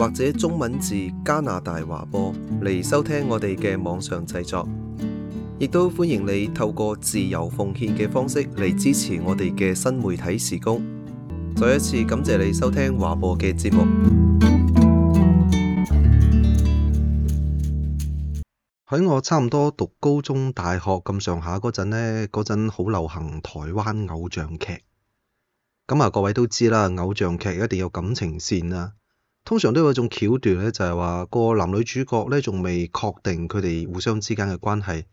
或者中文字加拿大華播嚟，收聽我哋嘅網上製作，亦都歡迎你透過自由奉獻嘅方式嚟支持我哋嘅新媒體事工。再一次感謝你收聽華播嘅節目。喺 我差唔多讀高中、大學咁上下嗰陣呢，嗰陣好流行台灣偶像劇。咁啊，各位都知啦，偶像劇一定要感情線啊。通常都有一種橋段咧，就係話個男女主角咧仲未確定佢哋互相之間嘅關係，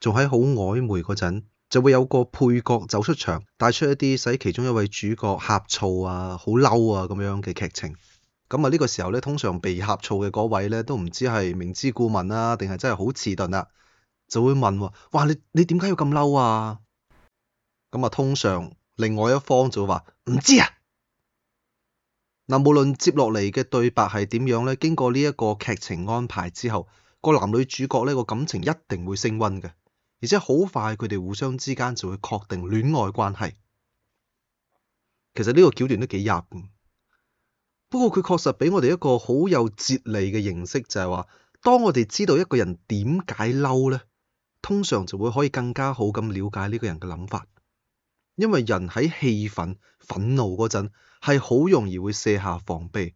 仲喺好曖昧嗰陣，就會有個配角走出場，帶出一啲使其中一位主角呷醋啊、好嬲啊咁樣嘅劇情。咁、嗯、啊，呢、這個時候咧，通常被呷醋嘅嗰位咧都唔知係明知故問啦、啊，定係真係好遲鈍啦，就會問：哇，你你點解要咁嬲啊？咁、嗯、啊，通常另外一方就會話唔知啊。嗱，無論接落嚟嘅對白係點樣咧，經過呢一個劇情安排之後，個男女主角呢個感情一定會升溫嘅，而且好快佢哋互相之間就會確定戀愛關係。其實呢個橋段都幾入，不過佢確實畀我哋一個好有哲理嘅認識，就係話，當我哋知道一個人點解嬲呢，通常就會可以更加好咁了解呢個人嘅諗法，因為人喺氣憤、憤怒嗰陣。係好容易會卸下防備，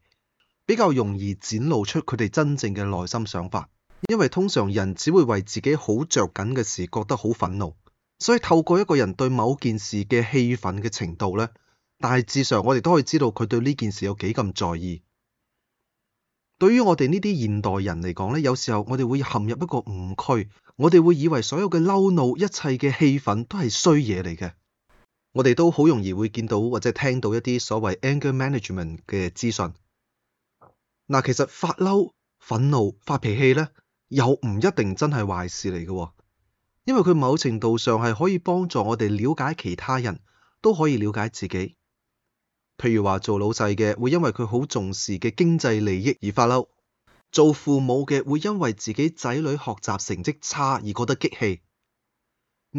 比較容易展露出佢哋真正嘅內心想法。因為通常人只會為自己好着緊嘅事覺得好憤怒，所以透過一個人對某件事嘅氣憤嘅程度咧，大致上我哋都可以知道佢對呢件事有幾咁在意。對於我哋呢啲現代人嚟講呢，有時候我哋會陷入一個誤區，我哋會以為所有嘅嬲怒、一切嘅氣憤都係衰嘢嚟嘅。我哋都好容易會見到或者聽到一啲所謂 anger management 嘅資訊。嗱，其實發嬲、憤怒、發脾氣咧，又唔一定真係壞事嚟嘅。因為佢某程度上係可以幫助我哋了解其他人都可以了解自己。譬如話做老細嘅會因為佢好重視嘅經濟利益而發嬲，做父母嘅會因為自己仔女學習成績差而覺得激氣。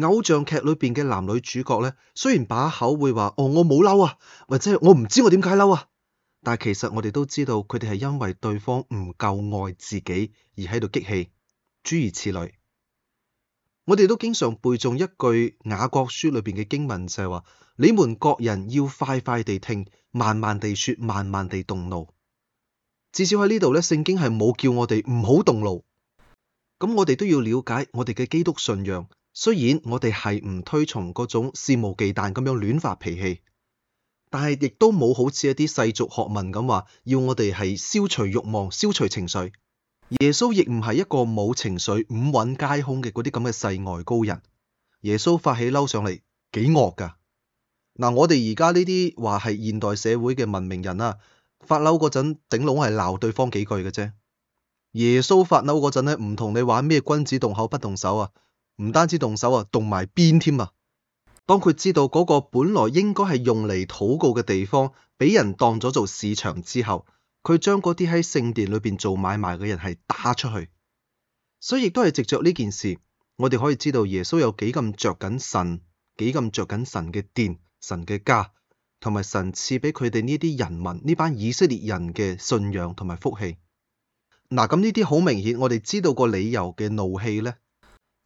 偶像劇裏邊嘅男女主角呢，雖然把口會話，哦，我冇嬲啊，或者我唔知道我點解嬲啊，但其實我哋都知道佢哋係因為對方唔夠愛自己而喺度激氣，諸如此類。我哋都經常背誦一句雅各書裏面嘅經文就是說，就係話你們各人要快快地聽，慢慢地說，慢慢地動怒。至少喺呢度呢，聖經係冇叫我哋唔好動怒。咁我哋都要了解我哋嘅基督信仰。雖然我哋係唔推崇嗰種肆無忌憚咁樣亂發脾氣，但係亦都冇好似一啲世俗學問咁話，要我哋係消除慾望、消除情緒。耶穌亦唔係一個冇情緒、五蘊皆空嘅嗰啲咁嘅世外高人。耶穌發起嬲上嚟幾惡噶。嗱、啊，我哋而家呢啲話係現代社會嘅文明人啊，發嬲嗰陣頂籠係鬧對方幾句嘅啫。耶穌發嬲嗰陣咧，唔同你玩咩君子動口不動手啊！唔單止動手啊，動埋邊添啊！當佢知道嗰個本來應該係用嚟禱告嘅地方，畀人當咗做市場之後，佢將嗰啲喺聖殿裏邊做買賣嘅人係打出去。所以亦都係藉着呢件事，我哋可以知道耶穌有幾咁着緊神，幾咁着緊神嘅殿、神嘅家，同埋神賜畀佢哋呢啲人民呢班以色列人嘅信仰同埋福氣。嗱，咁呢啲好明顯，我哋知道個理由嘅怒氣咧。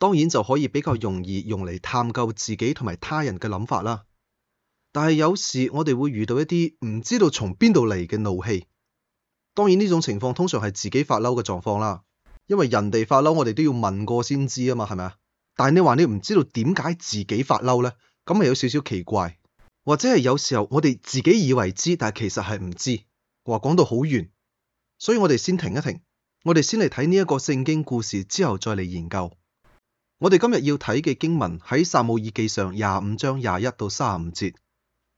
當然就可以比較容易用嚟，探究自己同埋他人嘅諗法啦。但係有時我哋會遇到一啲唔知道從邊度嚟嘅怒氣。當然呢種情況通常係自己發嬲嘅狀況啦，因為人哋發嬲我哋都要問過先知啊嘛，係咪啊？但係你話你唔知道點解自己發嬲呢，咁咪有少少奇怪，或者係有時候我哋自己以為知，但係其實係唔知。話講到好遠，所以我哋先停一停，我哋先嚟睇呢一個聖經故事之後再嚟研究。我哋今日要睇嘅經文喺撒母耳記上廿五章廿一到卅五節，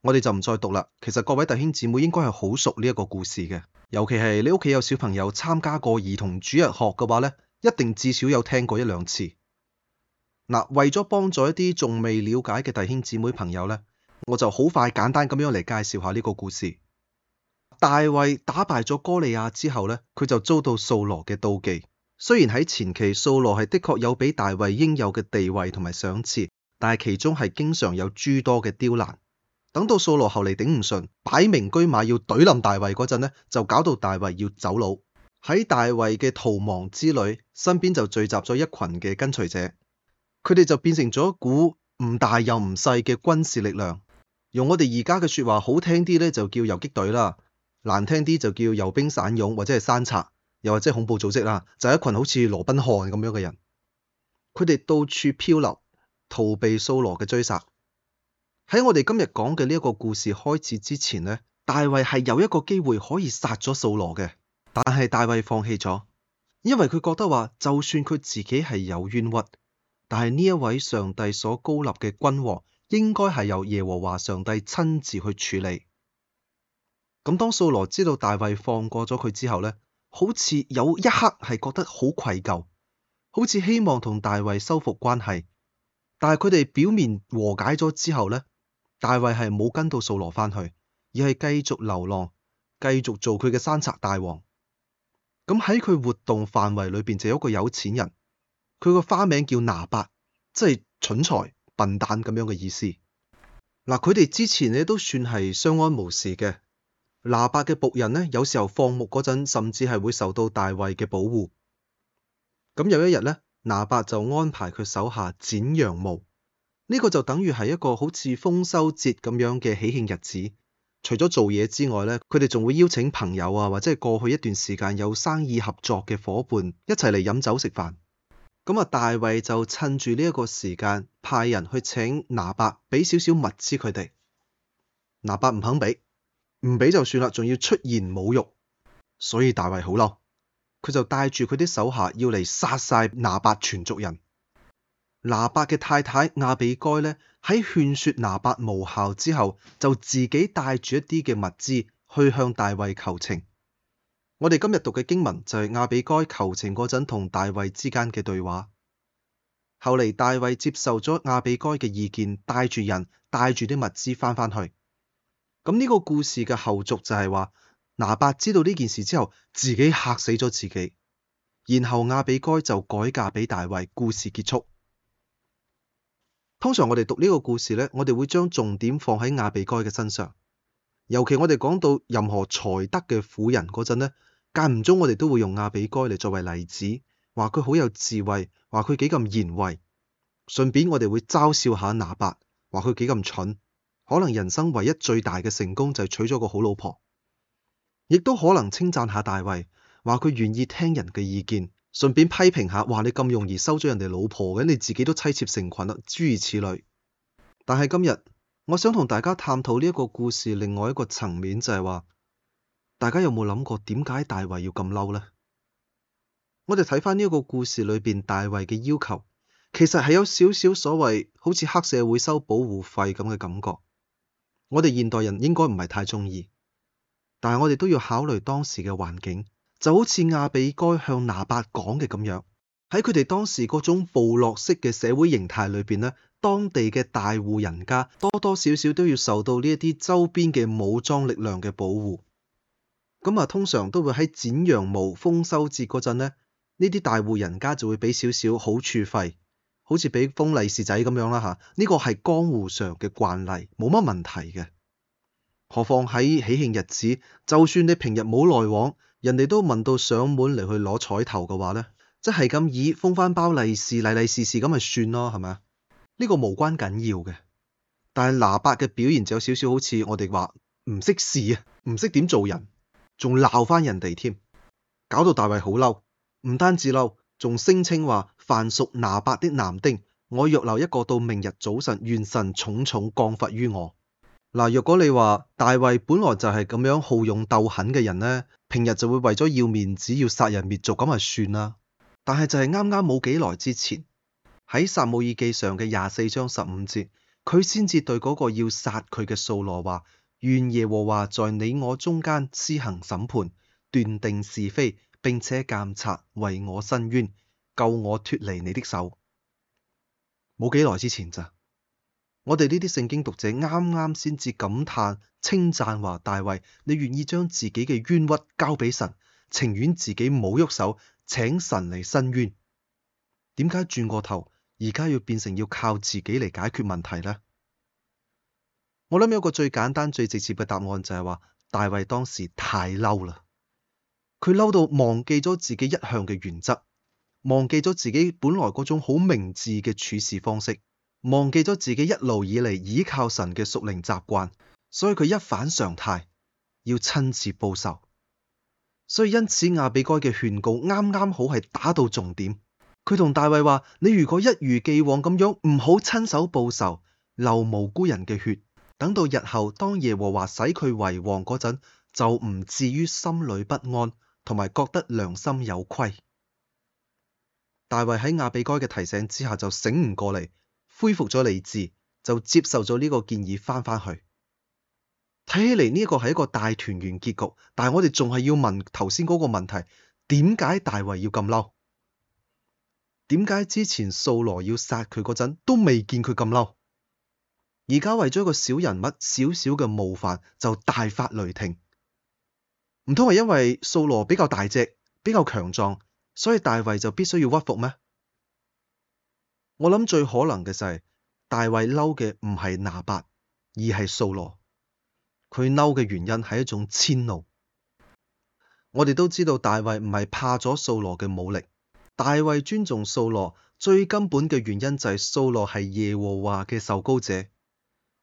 我哋就唔再讀啦。其實各位弟兄姊妹應該係好熟呢一個故事嘅，尤其係你屋企有小朋友參加過兒童主日學嘅話咧，一定至少有聽過一兩次。嗱，為咗幫助一啲仲未了解嘅弟兄姊妹朋友咧，我就好快簡單咁樣嚟介紹下呢個故事。大衛打敗咗哥利亞之後咧，佢就遭到掃羅嘅妒忌。雖然喺前期，掃羅係的確有俾大衛應有嘅地位同埋賞賜，但係其中係經常有諸多嘅刁難。等到掃羅後嚟頂唔順，擺明車馬要懟冧大衛嗰陣呢，就搞到大衛要走佬。喺大衛嘅逃亡之旅，身邊就聚集咗一群嘅跟隨者，佢哋就變成咗一股唔大又唔細嘅軍事力量。用我哋而家嘅說話好聽啲咧，就叫游擊隊啦；難聽啲就叫游兵散勇或者係山賊。又或者恐怖組織啦，就係一群好似羅賓漢咁樣嘅人，佢哋到處漂流，逃避掃羅嘅追殺。喺我哋今日講嘅呢一個故事開始之前呢，大衛係有一個機會可以殺咗掃羅嘅，但係大衛放棄咗，因為佢覺得話，就算佢自己係有冤屈，但係呢一位上帝所高立嘅君王，應該係由耶和華上帝親自去處理。咁當掃羅知道大衛放過咗佢之後呢。好似有一刻係覺得好愧疚，好似希望同大衛修復關係。但係佢哋表面和解咗之後咧，大衛係冇跟到掃羅翻去，而係繼續流浪，繼續做佢嘅山賊大王。咁喺佢活動範圍裏邊，就有一個有錢人，佢個花名叫拿八，即係蠢材、笨蛋咁樣嘅意思。嗱，佢哋之前咧都算係相安無事嘅。拿伯嘅僕人咧，有時候放牧嗰陣，甚至係會受到大衛嘅保護。咁有一日咧，拿伯就安排佢手下剪羊毛，呢、呢個就等於係一個好似豐收節咁樣嘅喜慶日子。除咗做嘢之外咧，佢哋仲會邀請朋友啊，或者係過去一段時間有生意合作嘅夥伴一齊嚟飲酒食飯。咁啊，大衛就趁住呢一個時間，派人去請拿伯畀少少物資佢哋。拿伯唔肯俾。唔俾就算啦，仲要出言侮辱，所以大衛好嬲，佢就帶住佢啲手下要嚟殺晒拿伯全族人。拿伯嘅太太亞比該呢，喺勸說拿伯無效之後，就自己帶住一啲嘅物資去向大衛求情。我哋今日讀嘅經文就係亞比該求情嗰陣同大衛之間嘅對話。後嚟大衛接受咗亞比該嘅意見，帶住人帶住啲物資翻返去。咁呢個故事嘅後續就係話，拿伯知道呢件事之後，自己嚇死咗自己。然後亞比該就改嫁俾大衛，故事結束。通常我哋讀呢個故事咧，我哋會將重點放喺亞比該嘅身上。尤其我哋講到任何才德嘅婦人嗰陣呢，間唔中我哋都會用亞比該嚟作為例子，話佢好有智慧，話佢幾咁賢慧。順便我哋會嘲笑下拿伯，話佢幾咁蠢。可能人生唯一最大嘅成功就係娶咗個好老婆，亦都可能稱讚下大衛，話佢願意聽人嘅意見，順便批評下話你咁容易收咗人哋老婆，嘅，你自己都妻妾成群啦，諸如此類。但係今日我想同大家探討呢一個故事另外一個層面就，就係話大家有冇諗過點解大衛要咁嬲咧？我哋睇翻呢一個故事裏邊大衛嘅要求，其實係有少少所謂好似黑社會收保護費咁嘅感覺。我哋現代人應該唔係太鍾意，但係我哋都要考慮當時嘅環境，就好似亞比該向拿八講嘅咁樣，喺佢哋當時嗰種部落式嘅社會形態裏邊咧，當地嘅大戶人家多多少少都要受到呢一啲周邊嘅武裝力量嘅保護，咁啊通常都會喺剪羊毛、豐收節嗰陣呢，呢啲大戶人家就會畀少少好處費。好似俾封利是仔咁樣啦吓，呢個係江湖上嘅慣例，冇乜問題嘅。何況喺喜慶日子，就算你平日冇來往，人哋都問到上門嚟，去攞彩頭嘅話咧，即係咁以封翻包利是，利利是是咁咪算咯，係咪啊？呢個無關緊要嘅。但係拿八嘅表現就有少少好似我哋話唔識事啊，唔識點做人，仲鬧翻人哋添，搞到大衛好嬲，唔單止嬲，仲聲稱話。凡屬拿八的男丁，我若留一個到明日早晨，願神重重降罰於我。嗱，若果你話大衛本來就係咁樣好勇鬥狠嘅人呢，平日就會為咗要面子要殺人滅族咁咪算啦。但係就係啱啱冇幾耐之前，喺撒母耳記上嘅廿四章十五節，佢先至對嗰個要殺佢嘅掃羅話：願耶和華在你我中間施行審判，斷定是非，並且監察為我申冤。救我脱離你的手，冇幾耐之前咋？我哋呢啲聖經讀者啱啱先至感嘆稱讚話：大衛，你願意將自己嘅冤屈交俾神，情願自己冇喐手，請神嚟伸冤。點解轉過頭，而家要變成要靠自己嚟解決問題呢？我諗有一個最簡單、最直接嘅答案就係話：大衛當時太嬲啦，佢嬲到忘記咗自己一向嘅原則。忘記咗自己本來嗰種好明智嘅處事方式，忘記咗自己一路以嚟倚靠神嘅屬靈習慣，所以佢一反常態要親自報仇。所以因此亞比該嘅勸告啱啱好係打到重點。佢同大衛話：你如果一如既往咁樣，唔好親手報仇，流無辜人嘅血，等到日後當耶和華使佢為王嗰陣，就唔至於心裏不安，同埋覺得良心有虧。大衛喺亞比該嘅提醒之下就醒唔過嚟，恢復咗理智，就接受咗呢個建議翻返去。睇起嚟呢個係一個大團圓結局，但係我哋仲係要問頭先嗰個問題：點解大衛要咁嬲？點解之前掃羅要殺佢嗰陣都未見佢咁嬲？而家為咗一個小人物、小小嘅冒犯就大發雷霆，唔通係因為掃羅比較大隻、比較強壯？所以大衛就必須要屈服咩？我諗最可能嘅就係大衛嬲嘅唔係拿伯，而係掃羅。佢嬲嘅原因係一種遷怒。我哋都知道大衛唔係怕咗掃羅嘅武力，大衛尊重掃羅最根本嘅原因就係掃羅係耶和華嘅受膏者，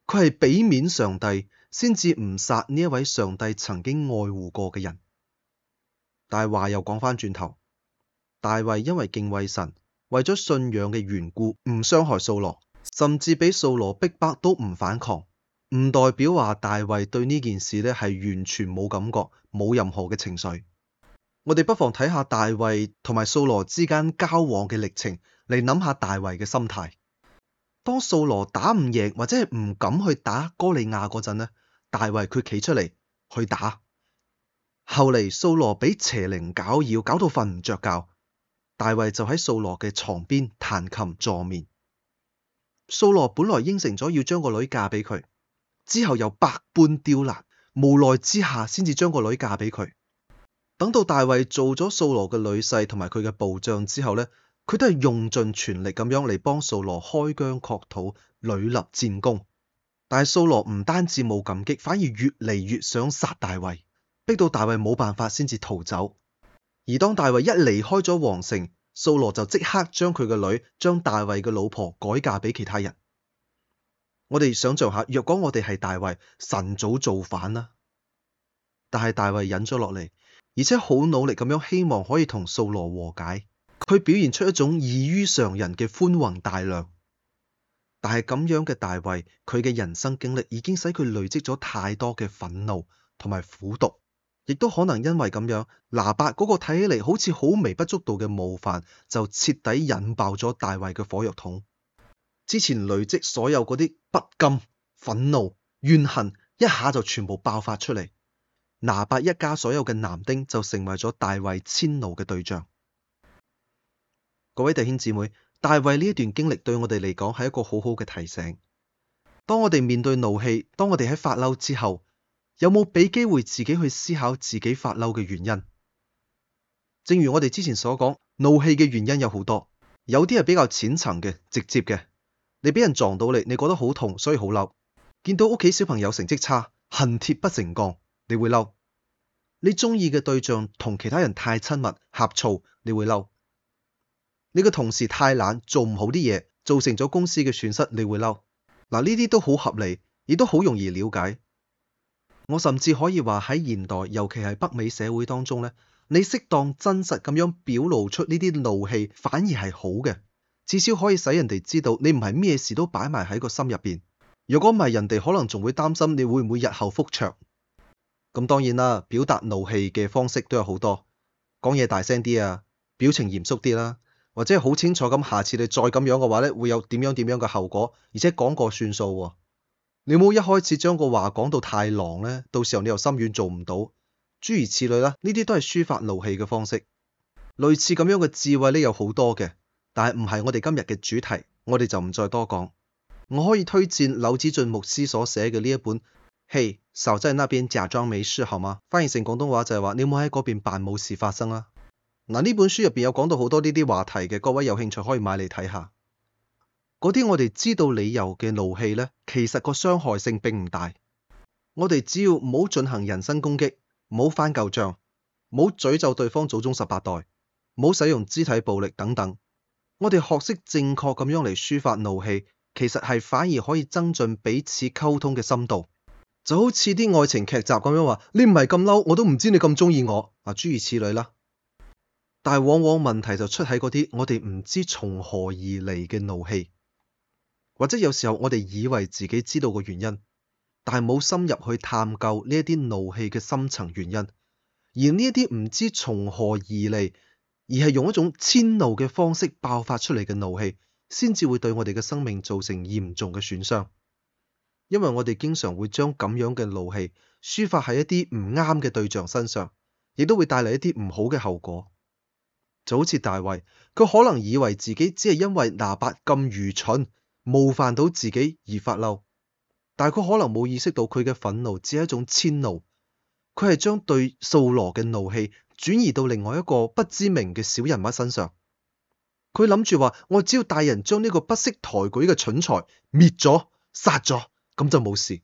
佢係俾面上帝先至唔殺呢一位上帝曾經愛護過嘅人。但係話又講返轉頭。大衛因為敬畏神，為咗信仰嘅緣故，唔傷害掃羅，甚至畀掃羅逼迫都唔反抗。唔代表話大衛對呢件事咧係完全冇感覺，冇任何嘅情緒。我哋不妨睇下大衛同埋掃羅之間交往嘅歷程，嚟諗下大衛嘅心態。當掃羅打唔贏或者係唔敢去打哥利亞嗰陣呢，大衛佢企出嚟去打。後嚟掃羅畀邪靈攪擾，搞到瞓唔着覺。大衛就喺掃羅嘅床邊彈琴助眠。掃羅本來應承咗要將個女嫁畀佢，之後又百般刁難，無奈之下先至將個女嫁俾佢。等到大衛做咗掃羅嘅女婿同埋佢嘅部將之後呢，佢都係用盡全力咁樣嚟幫掃羅開疆擴土、屢立戰功。但係掃羅唔單止冇感激，反而越嚟越想殺大衛，逼到大衛冇辦法先至逃走。而當大衛一離開咗皇城，掃羅就即刻將佢個女將大衛嘅老婆改嫁俾其他人。我哋想象下，若果我哋係大衛，神早造反啦。但係大衛忍咗落嚟，而且好努力咁樣希望可以同掃羅和解，佢表現出一種異於常人嘅寬宏大量。但係咁樣嘅大衛，佢嘅人生經歷已經使佢累積咗太多嘅憤怒同埋苦毒。亦都可能因為咁樣，拿八嗰個睇起嚟好似好微不足道嘅冒犯，就徹底引爆咗大衛嘅火藥桶。之前累積所有嗰啲不甘、憤怒、怨恨，一下就全部爆發出嚟。拿八一家所有嘅男丁就成為咗大衛遷怒嘅對象。各位弟兄姊妹，大衛呢一段經歷對我哋嚟講係一個好好嘅提醒。當我哋面對怒氣，當我哋喺發嬲之後，有冇俾機會自己去思考自己發嬲嘅原因？正如我哋之前所講，怒氣嘅原因有好多，有啲係比較淺層嘅、直接嘅。你俾人撞到你，你覺得好痛，所以好嬲；見到屋企小朋友成績差，恨鐵不成鋼，你會嬲；你鍾意嘅對象同其他人太親密呷醋，你會嬲；你個同事太懶，做唔好啲嘢，造成咗公司嘅損失，你會嬲。嗱，呢啲都好合理，亦都好容易了解。我甚至可以話喺現代，尤其係北美社會當中咧，你適當真實咁樣表露出呢啲怒氣，反而係好嘅，至少可以使人哋知道你唔係咩事都擺埋喺個心入邊。如果唔係，人哋可能仲會擔心你會唔會日後復灼。咁當然啦，表達怒氣嘅方式都有好多，講嘢大聲啲啊，表情嚴肅啲啦，或者好清楚咁，下次你再咁樣嘅話咧，會有點樣點樣嘅後果，而且講過算數喎。你冇，一開始將個話講到太狼咧，到時候你又心軟做唔到，諸如此類啦，呢啲都係抒發勞氣嘅方式。類似咁樣嘅智慧咧，有好多嘅，但係唔係我哋今日嘅主題，我哋就唔再多講。我可以推薦柳子俊牧師所寫嘅呢一本《嘿、hey,，少在那邊假裝沒事，好嗎？》翻譯成廣東話就係話你冇喺嗰邊扮冇事發生啦。嗱，呢本書入邊有講到好多呢啲話題嘅，各位有興趣可以買嚟睇下。嗰啲我哋知道理由嘅怒氣咧，其實個傷害性並唔大。我哋只要唔好進行人身攻擊，唔好翻舊賬，唔好詛咒對方祖宗十八代，唔好使用肢體暴力等等。我哋學識正確咁樣嚟抒發怒氣，其實係反而可以增進彼此溝通嘅深度。就好似啲愛情劇集咁樣話：你唔係咁嬲，我都唔知你咁中意我。啊，諸如此類啦。但係往往問題就出喺嗰啲我哋唔知從何而嚟嘅怒氣。或者有時候我哋以為自己知道個原因，但係冇深入去探究呢一啲怒氣嘅深層原因，而呢一啲唔知從何而嚟，而係用一種遷怒嘅方式爆發出嚟嘅怒氣，先至會對我哋嘅生命造成嚴重嘅損傷。因為我哋經常會將咁樣嘅怒氣抒發喺一啲唔啱嘅對象身上，亦都會帶嚟一啲唔好嘅後果。就好似大衛，佢可能以為自己只係因為拿八咁愚蠢。冒犯到自己而發嬲，但係佢可能冇意識到佢嘅憤怒只係一種遷怒，佢係將對掃羅嘅怒氣轉移到另外一個不知名嘅小人物身上。佢諗住話：「我只要大人將呢個不識抬舉嘅蠢材滅咗，殺咗，咁就冇事。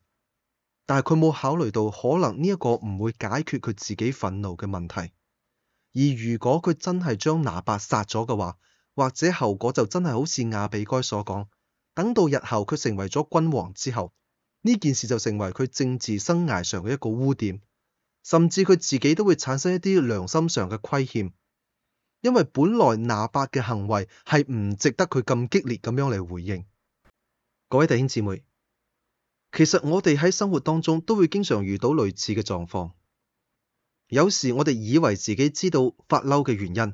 但係佢冇考慮到可能呢一個唔會解決佢自己憤怒嘅問題，而如果佢真係將拿伯殺咗嘅話，或者後果就真係好似亞比該所講。等到日後佢成為咗君王之後，呢件事就成為佢政治生涯上嘅一個污點，甚至佢自己都會產生一啲良心上嘅虧欠，因為本來拿伯嘅行為係唔值得佢咁激烈咁樣嚟回應。各位弟兄姊妹，其實我哋喺生活當中都會經常遇到類似嘅狀況，有時我哋以為自己知道發嬲嘅原因，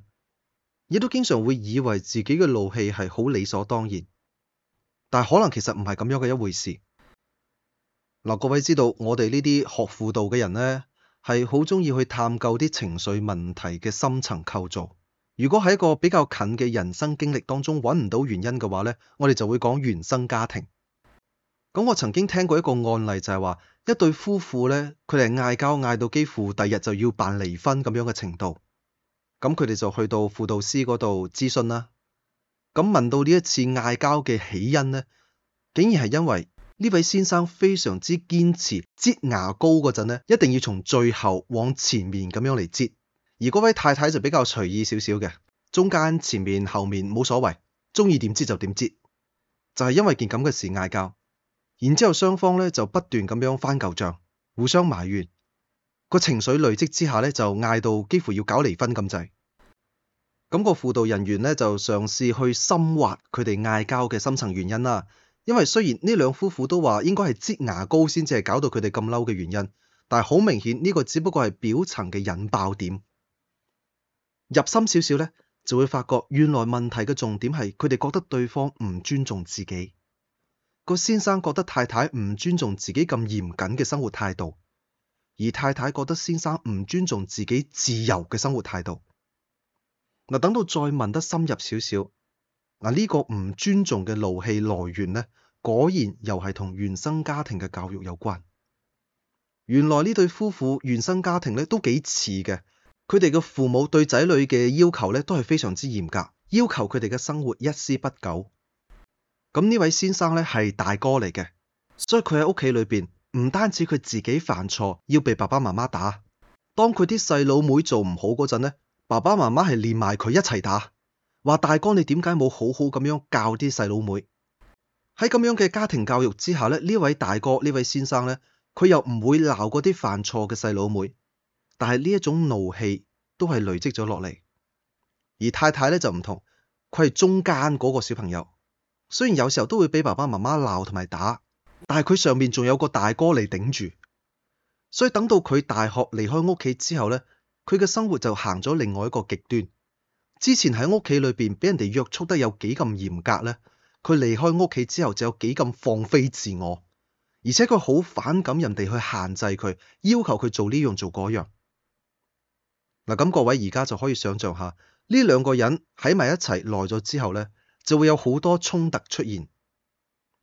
亦都經常會以為自己嘅怒氣係好理所當然。但可能其實唔係咁樣嘅一回事。嗱，各位知道我哋呢啲學輔導嘅人呢，係好鍾意去探究啲情緒問題嘅深層構造。如果喺一個比較近嘅人生經歷當中揾唔到原因嘅話呢，我哋就會講原生家庭。咁我曾經聽過一個案例就，就係話一對夫婦呢，佢哋嗌交嗌到幾乎第二日就要辦離婚咁樣嘅程度，咁佢哋就去到輔導師嗰度諮詢啦。咁問到呢一次嗌交嘅起因呢，竟然係因為呢位先生非常之堅持擠牙膏嗰陣呢，一定要從最後往前面咁樣嚟擠，而嗰位太太就比較隨意少少嘅，中間、前面、後面冇所謂，中意點擠就點擠，就係因為這件咁嘅事嗌交，然之後雙方呢就不斷咁樣翻舊帳，互相埋怨，個情緒累積之下呢，就嗌到幾乎要搞離婚咁滯。咁個輔導人員咧就嘗試去深挖佢哋嗌交嘅深層原因啦。因為雖然呢兩夫婦都話應該係擠牙膏先至係搞到佢哋咁嬲嘅原因，但係好明顯呢個只不過係表層嘅引爆點。入深少少咧，就會發覺原來問題嘅重點係佢哋覺得對方唔尊重自己。個先生覺得太太唔尊重自己咁嚴謹嘅生活態度，而太太覺得先生唔尊重自己自由嘅生活態度。嗱，等到再問得深入少少，嗱、這、呢個唔尊重嘅怒氣來源咧，果然又係同原生家庭嘅教育有關。原來呢對夫婦原生家庭咧都幾似嘅，佢哋嘅父母對仔女嘅要求咧都係非常之嚴格，要求佢哋嘅生活一絲不苟。咁呢位先生咧係大哥嚟嘅，所以佢喺屋企裏邊唔單止佢自己犯錯要被爸爸媽媽打，當佢啲細佬妹做唔好嗰陣咧。爸爸媽媽係連埋佢一齊打，話，大哥你點解冇好好咁樣教啲細佬妹？喺咁樣嘅家庭教育之下咧，呢位大哥呢位先生咧，佢又唔會鬧嗰啲犯錯嘅細佬妹，但係呢一種怒氣都係累積咗落嚟。而太太咧就唔同，佢係中間嗰個小朋友，雖然有時候都會俾爸爸媽媽鬧同埋打，但係佢上面仲有個大哥嚟頂住，所以等到佢大學離開屋企之後咧，佢嘅生活就行咗另外一個極端。之前喺屋企裏邊畀人哋約束得有幾咁嚴格咧，佢離開屋企之後就有幾咁放飛自我，而且佢好反感人哋去限制佢，要求佢做呢樣做嗰樣。嗱，咁各位而家就可以想象下，呢兩個人喺埋一齊耐咗之後咧，就會有好多衝突出現，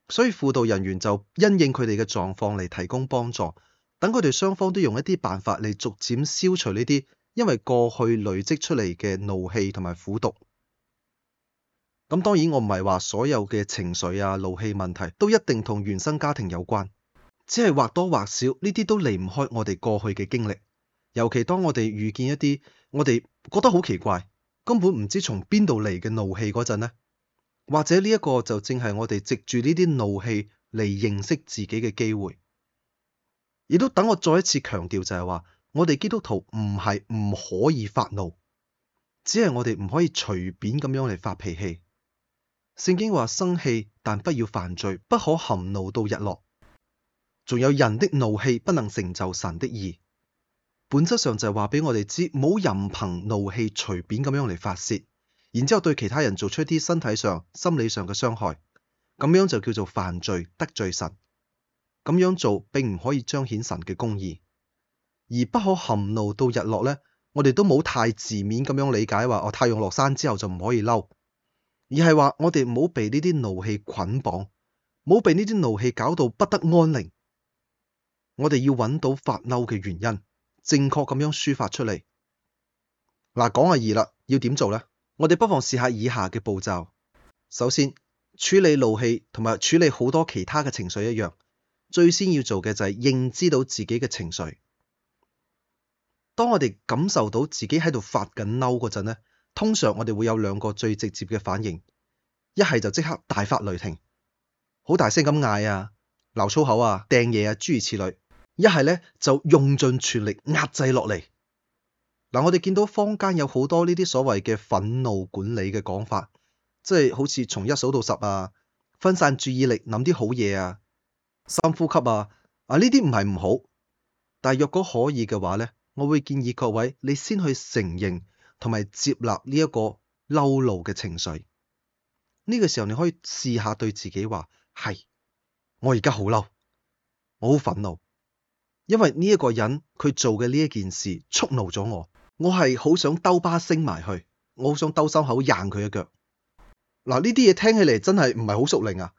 所以輔導人員就因應佢哋嘅狀況嚟提供幫助。等佢哋雙方都用一啲辦法嚟逐漸消除呢啲，因為過去累積出嚟嘅怒氣同埋苦毒。咁當然我唔係話所有嘅情緒啊、怒氣問題都一定同原生家庭有關，只係或多或少呢啲都離唔開我哋過去嘅經歷。尤其當我哋遇見一啲我哋覺得好奇怪、根本唔知從邊度嚟嘅怒氣嗰陣呢，或者呢一個就正係我哋藉住呢啲怒氣嚟認識自己嘅機會。亦都等我再一次強調，就係話，我哋基督徒唔係唔可以發怒，只係我哋唔可以隨便咁樣嚟發脾氣。聖經話：生氣但不要犯罪，不可含怒到日落。仲有人的怒氣不能成就神的義。本質上就係話畀我哋知，冇任憑怒氣隨便咁樣嚟發泄，然之後對其他人做出一啲身體上、心理上嘅傷害，咁樣就叫做犯罪，得罪神。咁樣做並唔可以彰顯神嘅公義，而不可含怒到日落咧。我哋都冇太字面咁樣理解話哦，太陽落山之後就唔可以嬲，而係話我哋冇被呢啲怒氣捆綁，冇被呢啲怒氣搞到不得安寧。我哋要揾到發嬲嘅原因，正確咁樣抒發出嚟。嗱、啊，講就易啦，要點做咧？我哋不妨試下以下嘅步驟。首先，處理怒氣同埋處理好多其他嘅情緒一樣。最先要做嘅就係認知到自己嘅情緒。當我哋感受到自己喺度發緊嬲嗰陣呢，通常我哋會有兩個最直接嘅反應：一係就即刻大發雷霆，好大聲咁嗌啊、鬧粗口啊、掟嘢啊諸如此類；一係呢，就用盡全力壓制落嚟。嗱，我哋見到坊間有好多呢啲所謂嘅憤怒管理嘅講法，即係好似從一數到十啊，分散注意力諗啲好嘢啊。三呼吸啊！啊呢啲唔係唔好，但係若果可以嘅話咧，我會建議各位，你先去承認同埋接納呢一個嬲怒嘅情緒。呢、這個時候你可以試下對自己話：係我而家好嬲，我好憤怒，因為呢一個人佢做嘅呢一件事觸怒咗我，我係好想兜巴升埋去，我好想兜心口硬佢一腳。嗱呢啲嘢聽起嚟真係唔係好熟練啊！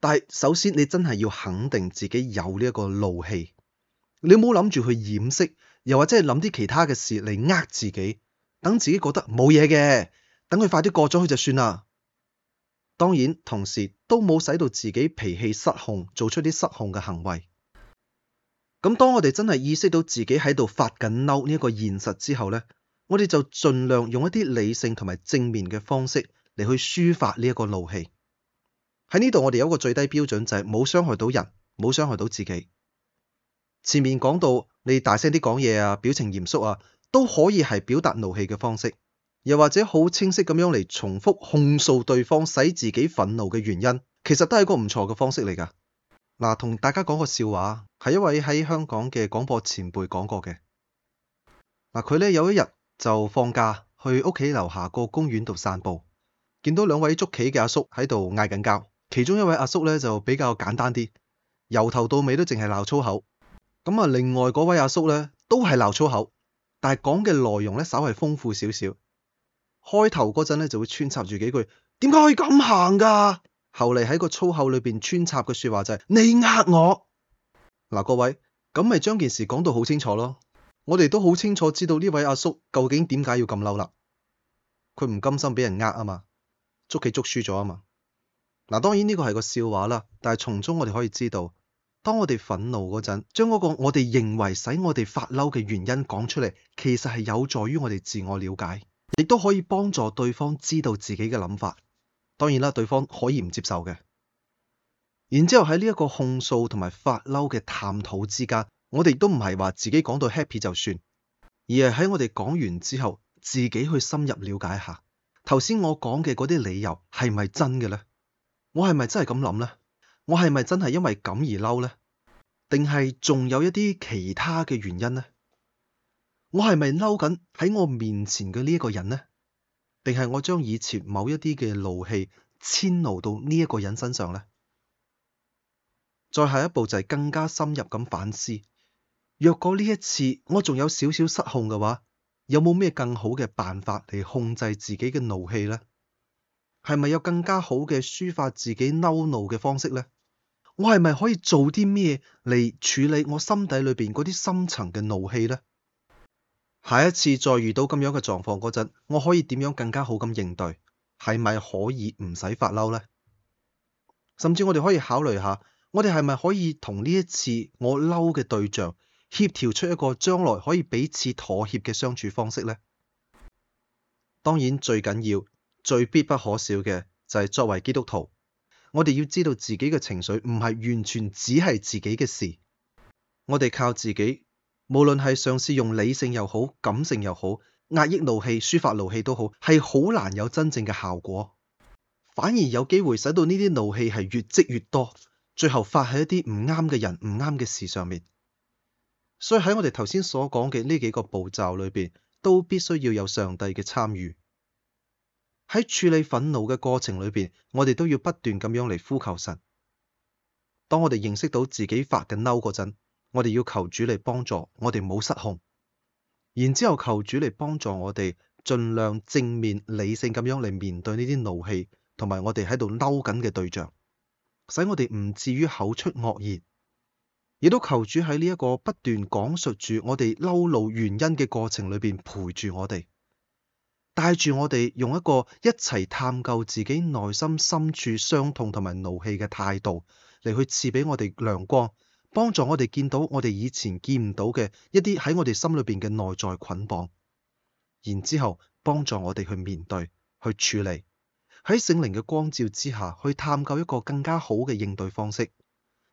但係，首先你真係要肯定自己有呢一個怒氣，你唔好諗住去掩飾，又或者諗啲其他嘅事嚟呃自己，等自己覺得冇嘢嘅，等佢快啲過咗去就算啦。當然，同時都冇使到自己脾氣失控，做出啲失控嘅行為。咁當我哋真係意識到自己喺度發緊嬲呢一個現實之後咧，我哋就盡量用一啲理性同埋正面嘅方式嚟去抒發呢一個怒氣。喺呢度，我哋有一個最低標準，就係冇傷害到人，冇傷害到自己。前面講到，你大聲啲講嘢啊，表情嚴肅啊，都可以係表達怒氣嘅方式；又或者好清晰咁樣嚟重複控訴對方，使自己憤怒嘅原因，其實都係個唔錯嘅方式嚟㗎。嗱、啊，同大家講個笑話，係一位喺香港嘅廣播前輩講過嘅。嗱、啊，佢咧有一日就放假去屋企樓下個公園度散步，見到兩位捉棋嘅阿叔喺度嗌緊交。其中一位阿叔咧就比較簡單啲，由頭到尾都淨係鬧粗口。咁啊，另外嗰位阿叔咧都係鬧粗口，但係講嘅內容咧稍為豐富少少。開頭嗰陣咧就會穿插住幾句，點解可以咁行噶？後嚟喺個粗口裏邊穿插嘅說話就係你呃我。嗱，各位咁咪將件事講到好清楚咯。我哋都好清楚知道呢位阿叔究竟點解要咁嬲啦。佢唔甘心俾人呃啊嘛，捉棋捉輸咗啊嘛。嗱，當然呢個係個笑話啦，但係從中我哋可以知道，當我哋憤怒嗰陣，將嗰個我哋認為使我哋發嬲嘅原因講出嚟，其實係有助於我哋自我了解，亦都可以幫助對方知道自己嘅諗法。當然啦，對方可以唔接受嘅。然之後喺呢一個控訴同埋發嬲嘅探討之間，我哋都唔係話自己講到 happy 就算，而係喺我哋講完之後，自己去深入了解下頭先我講嘅嗰啲理由係咪真嘅咧？我係咪真係咁諗呢？我係咪真係因為咁而嬲呢？定係仲有一啲其他嘅原因呢？我係咪嬲緊喺我面前嘅呢一個人呢？定係我將以前某一啲嘅怒氣遷怒到呢一個人身上呢？再下一步就係更加深入咁反思。若果呢一次我仲有少少失控嘅話，有冇咩更好嘅辦法嚟控制自己嘅怒氣呢？係咪有更加好嘅抒發自己嬲怒嘅方式呢？我係咪可以做啲咩嚟處理我心底裏邊嗰啲深層嘅怒氣呢？下一次再遇到咁樣嘅狀況嗰陣，我可以點樣更加好咁應對？係咪可以唔使發嬲呢？甚至我哋可以考慮下，我哋係咪可以同呢一次我嬲嘅對象協調出一個將來可以彼此妥協嘅相處方式呢？當然最緊要。最必不可少嘅就係作為基督徒，我哋要知道自己嘅情緒唔係完全只係自己嘅事，我哋靠自己，無論係嘗試用理性又好，感性又好，壓抑怒氣、抒發怒氣都好，係好難有真正嘅效果，反而有機會使到呢啲怒氣係越積越多，最後發喺一啲唔啱嘅人、唔啱嘅事上面。所以喺我哋頭先所講嘅呢幾個步驟裏邊，都必須要有上帝嘅參與。喺處理憤怒嘅過程裏邊，我哋都要不斷咁樣嚟呼求神。當我哋認識到自己發緊嬲嗰陣，我哋要求主嚟幫助我哋冇失控，然之後求主嚟幫助我哋，盡量正面理性咁樣嚟面對呢啲怒氣，同埋我哋喺度嬲緊嘅對象，使我哋唔至於口出惡言，亦都求主喺呢一個不斷講述住我哋嬲怒原因嘅過程裏邊陪住我哋。帶住我哋用一個一齊探究自己內心深處傷痛同埋怒氣嘅態度嚟，去賜俾我哋亮光，幫助我哋見到我哋以前見唔到嘅一啲喺我哋心裏邊嘅內在捆綁，然之後幫助我哋去面對、去處理，喺聖靈嘅光照之下去探究一個更加好嘅應對方式。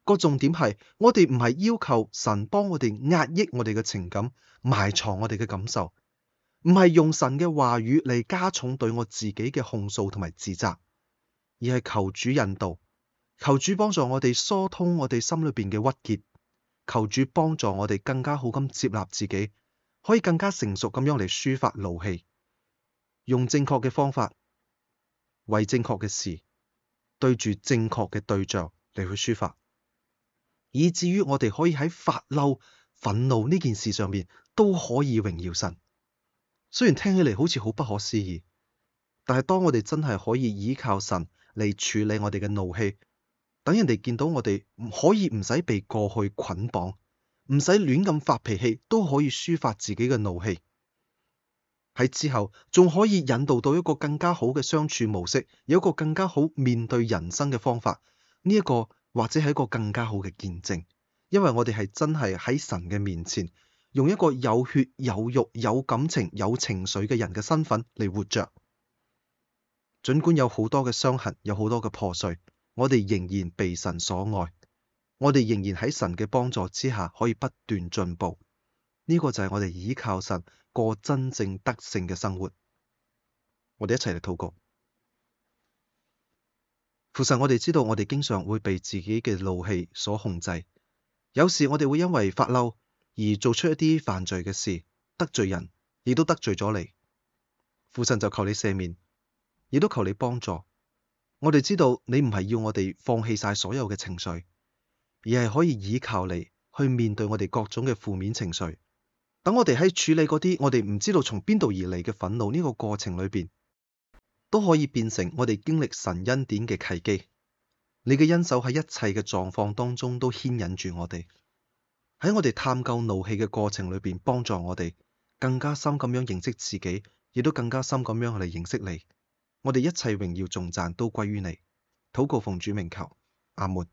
個重點係我哋唔係要求神幫我哋壓抑我哋嘅情感、埋藏我哋嘅感受。唔係用神嘅話語嚟加重對我自己嘅控訴同埋自責，而係求主引導，求主幫助我哋疏通我哋心裏面嘅鬱結，求主幫助我哋更加好咁接納自己，可以更加成熟咁樣嚟抒發怒氣，用正確嘅方法，為正確嘅事，對住正確嘅對象嚟去抒發，以至於我哋可以喺發嬲、憤怒呢件事上面都可以榮耀神。雖然聽起嚟好似好不可思議，但係當我哋真係可以依靠神嚟處理我哋嘅怒氣，等人哋見到我哋唔可以唔使被過去捆綁，唔使亂咁發脾氣，都可以抒發自己嘅怒氣，喺之後仲可以引導到一個更加好嘅相處模式，有一個更加好面對人生嘅方法，呢一個或者係一個更加好嘅見證，因為我哋係真係喺神嘅面前，用一個有血有肉有感情有情緒嘅人嘅身份嚟活著，儘管有好多嘅傷痕，有好多嘅破碎，我哋仍然被神所愛，我哋仍然喺神嘅幫助之下可以不斷進步。呢個就係我哋依靠神過真正得勝嘅生活。我哋一齊嚟禱告，父神，我哋知道我哋經常會被自己嘅怒氣所控制，有時我哋會因為發嬲，而做出一啲犯罪嘅事，得罪人，亦都得罪咗你。父神就求你赦免，亦都求你幫助。我哋知道你唔係要我哋放棄晒所有嘅情緒，而係可以倚靠你去面對我哋各種嘅負面情緒。等我哋喺處理嗰啲我哋唔知道從邊度而嚟嘅憤怒呢個過程裏邊，都可以變成我哋經歷神恩典嘅契機。你嘅恩手喺一切嘅狀況當中都牽引住我哋。喺我哋探究怒氣嘅過程裏邊，幫助我哋更加深咁樣認識自己，亦都更加深咁樣嚟認識你。我哋一切榮耀、頌讚都歸於你。禱告奉主名求，阿門。